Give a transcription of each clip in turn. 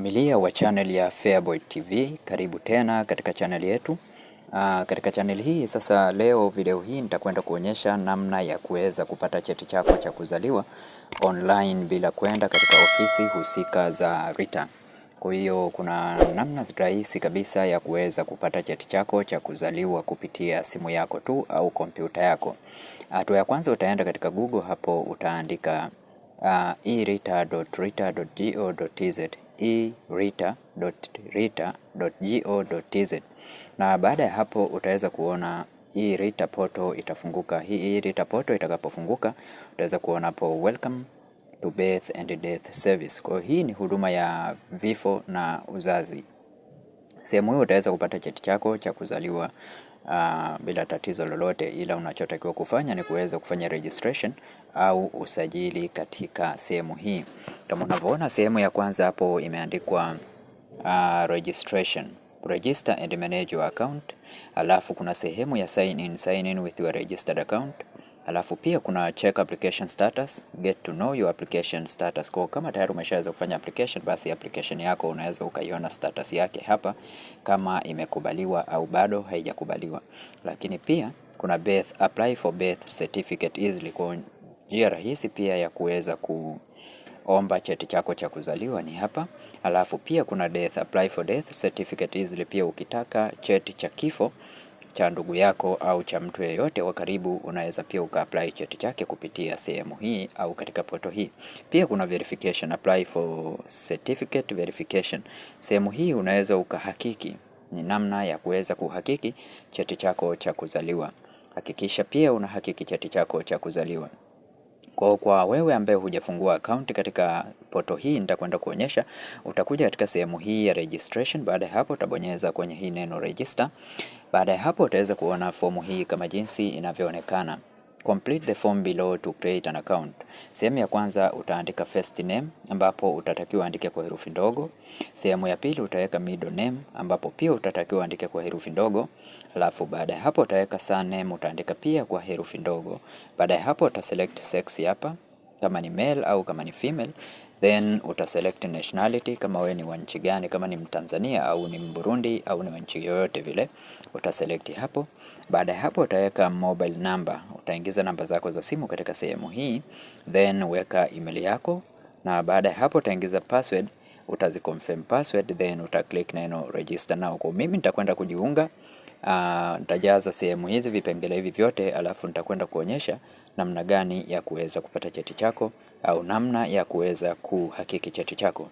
Familia wa channel ya Feaboy TV, karibu tena katika channel yetu. Aa, ah, katika channel hii sasa, leo video hii nitakwenda kuonyesha namna ya kuweza kupata cheti chako cha kuzaliwa online bila kwenda katika ofisi husika za RITA. Kwa hiyo kuna namna rahisi kabisa ya kuweza kupata cheti chako cha kuzaliwa kupitia simu yako tu au kompyuta yako. Hatua ya kwanza utaenda katika Google, hapo utaandika uh, e, e-reader.reader.go.tz. na baada ya hapo utaweza kuona hii e, reader poto itafunguka. Hii e, Rita poto itakapofunguka utaweza kuona hapo welcome to birth and death service. Kwa hii ni huduma ya vifo na uzazi. Sehemu hii utaweza kupata cheti chako cha kuzaliwa uh, bila tatizo lolote, ila unachotakiwa kufanya ni kuweza kufanya registration au usajili katika sehemu hii. Kama unavyoona sehemu ya kwanza hapo imeandikwa uh, registration register and manage your account, alafu kuna sehemu ya sign in, sign in with your registered account Alafu pia kuna check application status, get to know your application status. Kwa kama tayari umeshaweza kufanya application, basi application yako unaweza ukaiona status yake hapa kama imekubaliwa au bado haijakubaliwa. Lakini pia kuna birth, apply for birth certificate easily. Kwa njia rahisi pia ya kuweza kuomba cheti chako cha kuzaliwa ni hapa. Alafu pia kuna death, apply for death certificate easily. Pia ukitaka cheti cha kifo cha ndugu yako au cha mtu yeyote wa karibu, unaweza pia apply cheti chake kupitia sehemu hii au katika poto hii. Pia kuna verification, apply for certificate verification. Sehemu hii unaweza ukahakiki, ni namna ya kuweza kuhakiki cheti chako cha kuzaliwa. Hakikisha pia unahakiki cheti chako cha kuzaliwa. Kwa, kwa wewe ambaye hujafungua akaunti katika poto hii nitakwenda kuonyesha. Utakuja katika sehemu hii ya registration. Baada ya hapo, utabonyeza kwenye hii neno register. Baada ya hapo utaweza kuona fomu hii kama jinsi inavyoonekana. Complete the form below to create an account. Sehemu ya kwanza utaandika first name ambapo utatakiwa andike kwa herufi ndogo. Sehemu ya pili utaweka middle name ambapo pia utatakiwa andike kwa herufi ndogo. Alafu baada ya hapo utaweka surname utaandika pia kwa herufi ndogo. Baada ya hapo utaselect sex hapa kama ni male au kama ni female then utaselect nationality kama we ni wa nchi gani, kama ni Mtanzania au ni Mburundi au ni wa nchi yoyote vile utaselect hapo. Baada ya hapo utaweka mobile number, utaingiza namba zako za simu katika sehemu hii, then weka email yako, na baada ya hapo utaingiza password, utaziconfirm password, then uta click neno register now. Kwa mimi nitakwenda kujiunga, ah, nitajaza uh, sehemu hizi vipengele hivi vyote, alafu nitakwenda kuonyesha namna gani ya kuweza kupata cheti chako au namna ya kuweza kuhakiki cheti chako.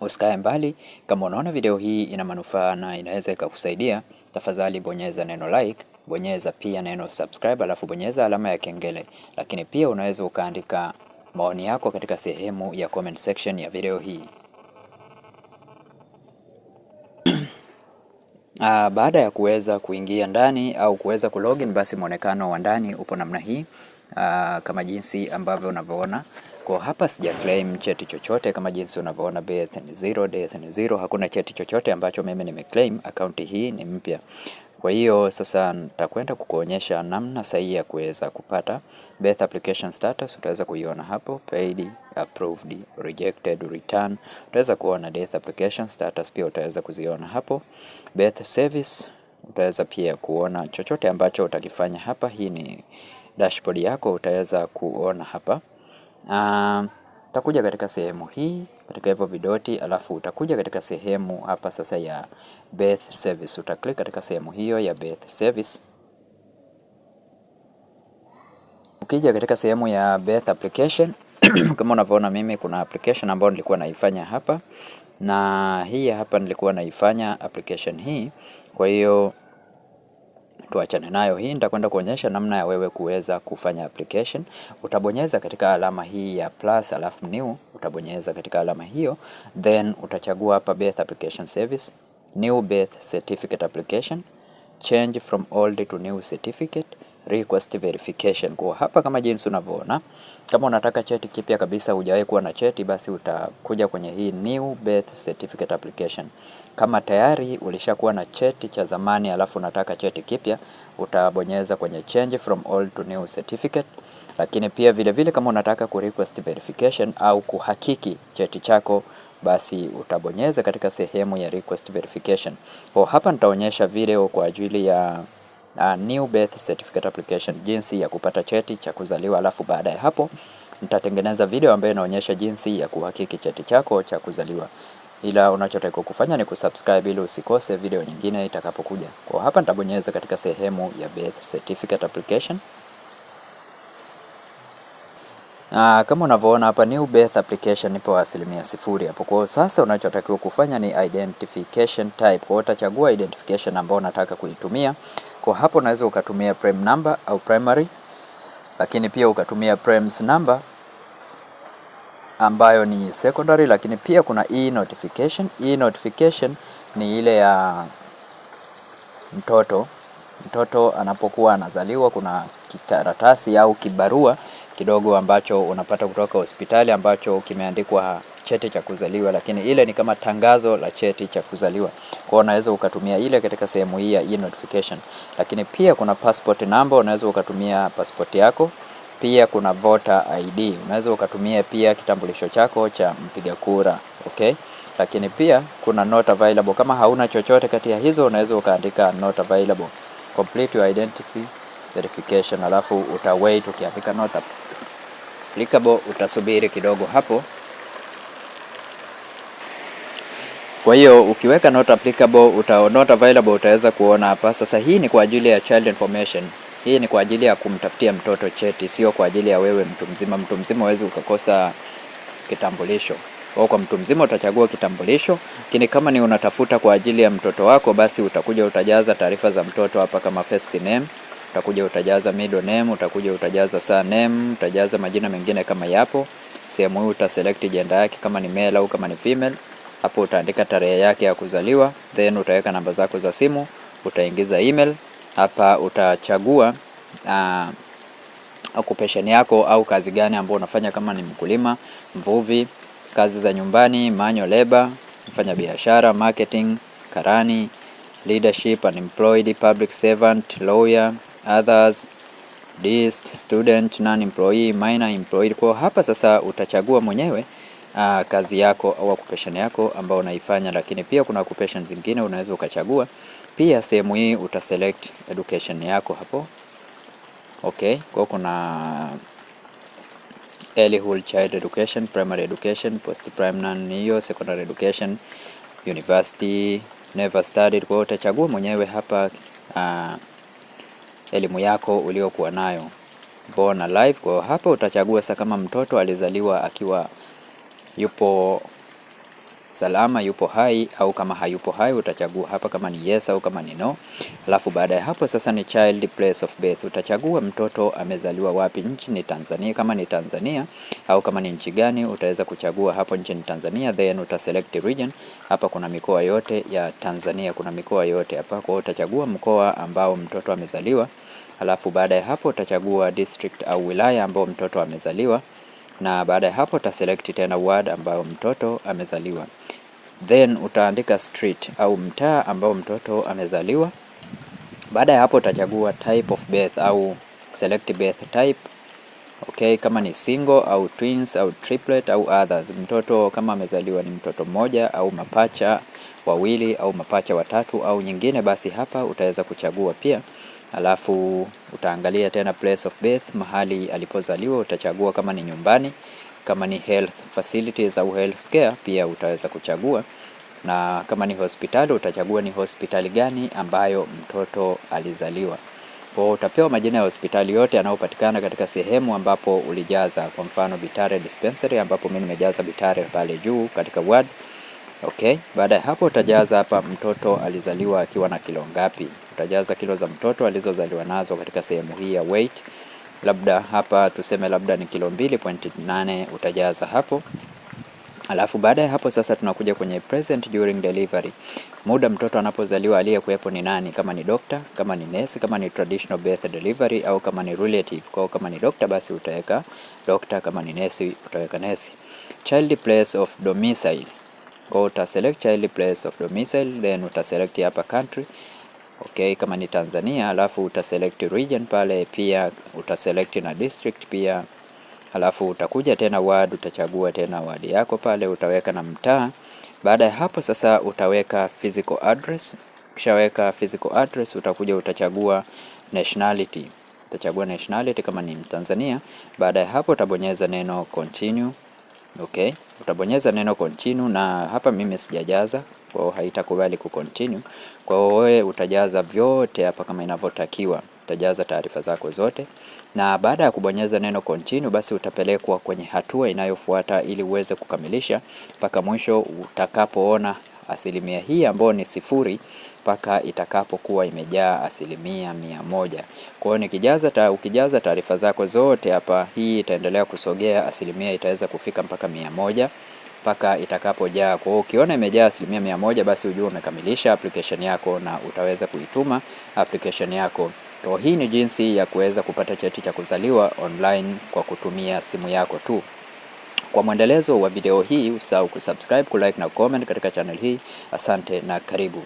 Usikae mbali. Kama unaona video hii ina manufaa na inaweza ikakusaidia, tafadhali bonyeza neno like, bonyeza pia neno subscribe, alafu bonyeza alama ya kengele. Lakini pia unaweza ukaandika maoni yako katika sehemu ya comment section ya video hii. Uh, baada ya kuweza kuingia ndani au kuweza kulogin, basi mwonekano wa ndani upo namna hii uh, kama jinsi ambavyo unavyoona kwa hapa. Sija claim cheti chochote kama jinsi unavyoona, birth ni zero, death ni zero, hakuna cheti chochote ambacho mimi nimeclaim. Akaunti hii ni mpya. Kwa hiyo sasa nitakwenda kukuonyesha namna sahihi ya kuweza kupata birth application status. Utaweza kuiona hapo paid, approved, rejected, return. Utaweza kuona death application status pia utaweza kuziona hapo. Birth service utaweza pia kuona chochote ambacho utakifanya hapa. Hii ni dashboard yako, utaweza kuona hapa uh, Utakuja katika sehemu hii katika hivyo vidoti, alafu utakuja katika sehemu hapa sasa ya Birth Service. Utaklik katika sehemu hiyo ya Birth Service. Ukija katika sehemu ya Birth Application kama unavyoona mimi kuna application ambayo nilikuwa naifanya hapa, na hii hapa nilikuwa naifanya application hii, kwa hiyo tuachane nayo. Hii nitakwenda kuonyesha namna ya wewe kuweza kufanya application. Utabonyeza katika alama hii ya plus, alafu new, utabonyeza katika alama hiyo, then utachagua hapa birth application service, new birth certificate application, change from old to new certificate request verification. Kwa hapa kama jinsi unavyoona, kama unataka cheti kipya kabisa, hujawahi kuwa na cheti, basi utakuja kwenye hii new birth certificate application. Kama tayari ulishakuwa na cheti cha zamani alafu unataka cheti kipya, utabonyeza kwenye change from old to new certificate. Lakini pia vilevile vile kama unataka ku request verification au kuhakiki cheti chako basi utabonyeza katika sehemu ya request verification. Kwa hapa nitaonyesha video kwa ajili ya uh, new birth certificate application, jinsi ya kupata cheti cha kuzaliwa. Alafu baada ya hapo nitatengeneza video ambayo inaonyesha jinsi ya kuhakiki cheti chako cha kuzaliwa, ila unachotakiwa kufanya ni kusubscribe ili usikose video nyingine itakapokuja. Kwa hapa nitabonyeza katika sehemu ya birth certificate application. Na kama unavyoona hapa new birth application ipo asilimia sifuri hapo. Kwa sasa unachotakiwa kufanya ni identification type. Kwa utachagua identification ambayo unataka kuitumia. Kwa hapo unaweza ukatumia prime number au primary, lakini pia ukatumia primes number ambayo ni secondary, lakini pia kuna e notification. E notification ni ile ya mtoto mtoto anapokuwa anazaliwa, kuna kikaratasi au kibarua kidogo ambacho unapata kutoka hospitali ambacho kimeandikwa cheti cha kuzaliwa, lakini ile ni kama tangazo la cheti cha kuzaliwa. Kwa hiyo unaweza ukatumia ile katika sehemu hii ya e-notification, lakini pia kuna passport number, unaweza ukatumia passport yako. Pia kuna voter ID, unaweza ukatumia pia kitambulisho chako cha mpiga kura, okay? Lakini pia kuna not available. Kama hauna chochote kati ya hizo, unaweza ukaandika not available, complete your identity verification, alafu utawait ukiandika not available applicable, utasubiri kidogo hapo. Kwa hiyo ukiweka not applicable, uta, not available utaweza kuona hapa. Sasa hii ni kwa ajili ya child information. Hii ni kwa ajili ya kumtafutia mtoto cheti, sio kwa ajili ya wewe mtu mzima. Mtu mzima huwezi ukakosa kitambulisho Kwa, kwa mtu mzima utachagua kitambulisho, lakini kama ni unatafuta kwa ajili ya mtoto wako, basi utakuja utajaza taarifa za mtoto hapa kama first name utakuja utajaza middle name, utakuja utajaza surname, utajaza majina mengine kama yapo. Sehemu hii uta select gender yake kama ni male au kama ni female. Hapo utaandika tarehe yake ya kuzaliwa, then utaweka namba zako za simu, utaingiza email. Hapa utachagua uh, occupation yako au kazi gani ambayo unafanya, kama ni mkulima, mvuvi, kazi za nyumbani, manual labor, mfanya biashara, marketing, karani, leadership, unemployed, public servant, lawyer others dist, student, non-employee, minor employee. Kwa hapa sasa utachagua mwenyewe uh, kazi yako au occupation yako ambayo unaifanya, lakini pia kuna occupation zingine unaweza ukachagua pia. Sehemu hii utaselect education yako hapo okay. Kwa kuna early whole child education, primary education, post primary, hiyo secondary education, university, never studied. Kwa utachagua mwenyewe hapa uh, elimu yako uliokuwa nayo Born Alive. Kwa hapa utachagua sasa, kama mtoto alizaliwa akiwa yupo salama, yupo hai au kama hayupo hai, utachagua hapa kama ni yes au kama ni no. Alafu baada ya hapo sasa ni child place of birth, utachagua mtoto amezaliwa wapi, nchi ni Tanzania kama ni Tanzania, au kama ni nchi gani, utaweza kuchagua hapo nchi ni Tanzania, then uta select region. Hapa kuna mikoa yote ya Tanzania, kuna mikoa yote hapa, kwa utachagua mkoa ambao mtoto amezaliwa. Alafu baada ya hapo utachagua district au wilaya ambao mtoto amezaliwa, na baada ya hapo utaselect tena ward ambayo mtoto amezaliwa then utaandika street au mtaa ambao mtoto amezaliwa. Baada ya hapo utachagua type of birth au select birth type. Okay, kama ni single au twins au triplet au others. Mtoto kama amezaliwa ni mtoto mmoja au mapacha wawili au mapacha watatu au nyingine, basi hapa utaweza kuchagua pia. Alafu utaangalia tena place of birth, mahali alipozaliwa utachagua kama ni nyumbani kama ni health facilities au health care pia utaweza kuchagua, na kama ni hospitali utachagua ni hospitali gani ambayo mtoto alizaliwa. Kwa utapewa majina ya hospitali yote yanayopatikana katika sehemu ambapo ulijaza, kwa mfano Bitare dispensary ambapo mimi nimejaza Bitare pale juu katika ward. Okay, baada ya hapo utajaza hapa mtoto alizaliwa akiwa na kilo ngapi. Utajaza kilo za mtoto alizozaliwa nazo katika sehemu hii ya weight labda hapa tuseme labda ni kilo 2.8 utajaza hapo. Alafu baada ya hapo sasa tunakuja kwenye present during delivery. Muda mtoto anapozaliwa aliyekuwepo ni nani? Kama ni doctor, kama ni nurse, kama ni traditional birth delivery au kama ni relative. Kwa kama ni doctor basi utaweka doctor, kama ni nurse utaweka nurse. Child place of domicile. Kwa uta select child place of domicile then uta select hapa country okay, kama ni Tanzania, alafu utaselect region pale, pia utaselect na district pia, alafu utakuja tena ward, utachagua tena ward yako pale, utaweka na mtaa. Baada ya hapo sasa utaweka physical address. Ukishaweka physical address, utakuja utachagua nationality, utachagua nationality kama ni Mtanzania. Baada ya hapo utabonyeza neno continue. Okay, utabonyeza neno continue, na hapa mimi sijajaza kwao, haitakubali ku continue. Kwa hiyo wewe utajaza vyote hapa kama inavyotakiwa, utajaza taarifa zako zote, na baada ya kubonyeza neno continue, basi utapelekwa kwenye hatua inayofuata ili uweze kukamilisha mpaka mwisho utakapoona asilimia hii ambayo ni sifuri mpaka itakapokuwa imejaa asilimia mia moja. Kwa hiyo nikijaza ta, ukijaza taarifa zako zote hapa, hii itaendelea kusogea, asilimia itaweza kufika mpaka mia moja mpaka itakapojaa. Kwa hiyo ukiona imejaa asilimia mia moja, basi ujue umekamilisha application yako na utaweza kuituma application yako. Kwa hii ni jinsi ya kuweza kupata cheti cha kuzaliwa online kwa kutumia simu yako tu. Kwa mwendelezo wa video hii usahau kusubscribe, kulike na comment katika channel hii. Asante na karibu.